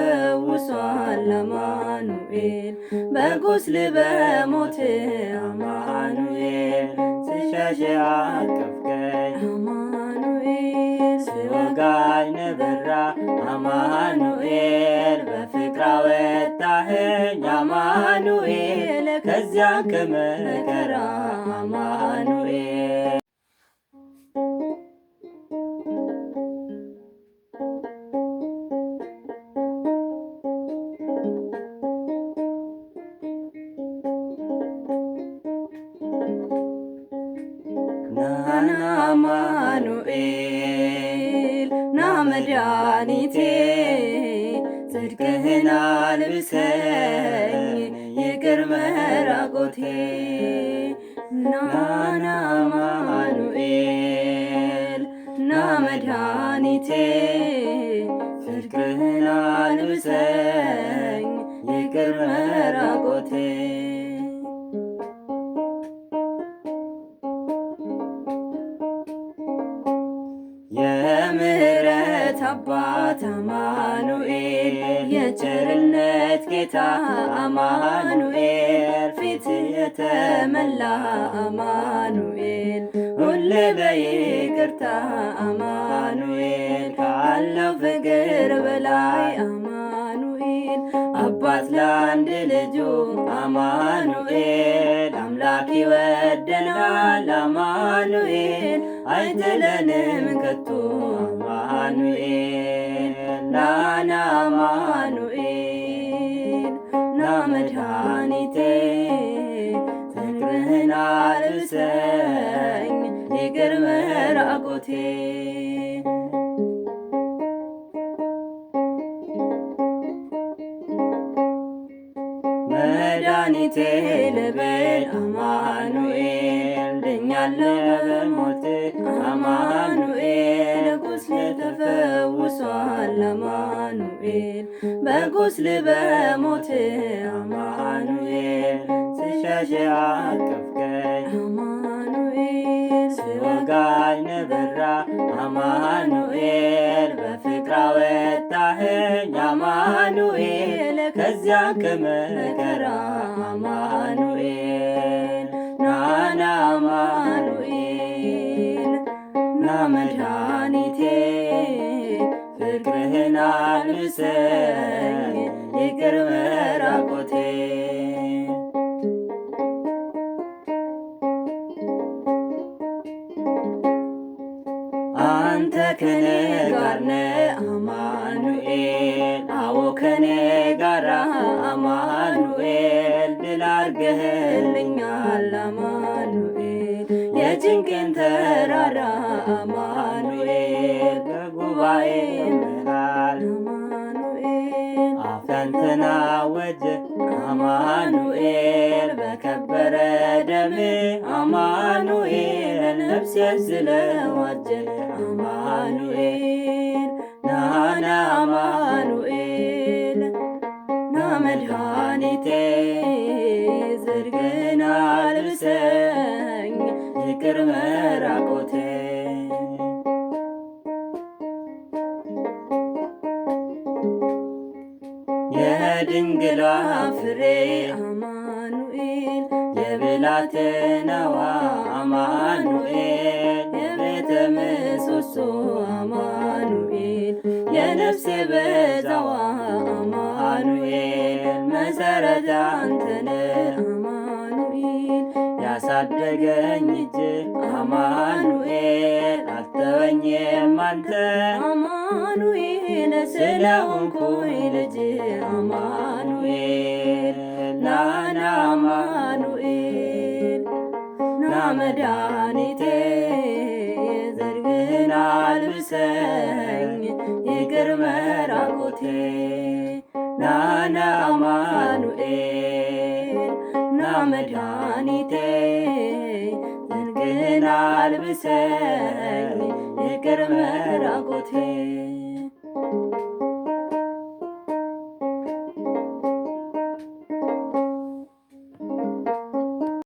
ፈውሷል አማኑኤል በቁስል በሞት አማኑኤል ስሸሽ አቀፍከኝ አማኑኤል ስወጋኝ ነብራ አማኑኤል በፍቅር አወጣኸኝ አማኑኤል ከዚያ ከመከራ አማኑኤል ና አማኑኤል ና መድኃኒቴ ጽድቅህን አልብሰኝ ይቅር መራቆቴ ና ና አማኑኤል ና መድኃኒቴ የምህረት አባት አማኑኤል የቸርነት ጌታ አማኑኤል ፊት የተመላ አማኑኤል ሁል በይቅርታ አማኑኤል ካለው ፍቅር በላይ አማኑኤል አባት ለአንድ ልጁ አማኑኤል ይወደናል አማኑኤል አይጥለንም ከቶ አማኑኤል ናና አማኑኤል ና መድኃኒቴ ፍቅርህን አልብሰኝ ይቅር መራቆቴ መድኃኒቴ ልበል አማኑኤል ድኛለሁ በሞቴ አማኑኤል ቁስል ተፈውሷል አማኑኤል በቁስል በሞቴ አማኑኤል ስሸሽ አቀፍከኝ አማኑኤል ስወጋኝ ነብራ አማኑኤል ከስፍራ ወጣኸኝ አማኑኤል ከዚያ ከመከራ አማኑኤል ናና አማኑኤል ና መድኃኒቴ ፍቅርህን አልብሰኝ ይቅር አንተ ከኔ ጋር ነ አማኑኤል፣ አዎ ከኔ ጋር አማኑኤል፣ ድል አድርገህልኛል አማኑኤል፣ የጭንቅን ተራራ አማኑኤል፣ ከጉባኤ መሃል አማኑኤል አፈንትና አወጀ አማኑኤል በከበረ ደም አማኑኤል ነፍስ ያዝለዋጀ አማኑኤል ናነ አማኑኤል ና መድኃኒቴ ዘርግና ልብሰኝ ይቅር መራቆቴ ድንግላ ፍሬ አማኑኤል የብላቴናዋ አማኑኤል የቤተ ምሰሶ አማኑኤል የነፍሴ በዛዋ አማኑኤል መሰረታ አንተነ አማኑኤል ያሳደገኝ እጅ አማኑኤል አተወኝም አንተ አማኑኤል ስለሆንኩኝ ልጅ አማኑኤል ላና አማኑኤል ና መድኃኒቴ ዘርግና ልብሰኝ ይቅር መራቆቴ ናና አማኑኤል ና መድኃኒቴ ዘርግና ልብሰኝ ይቅር መራቆቴ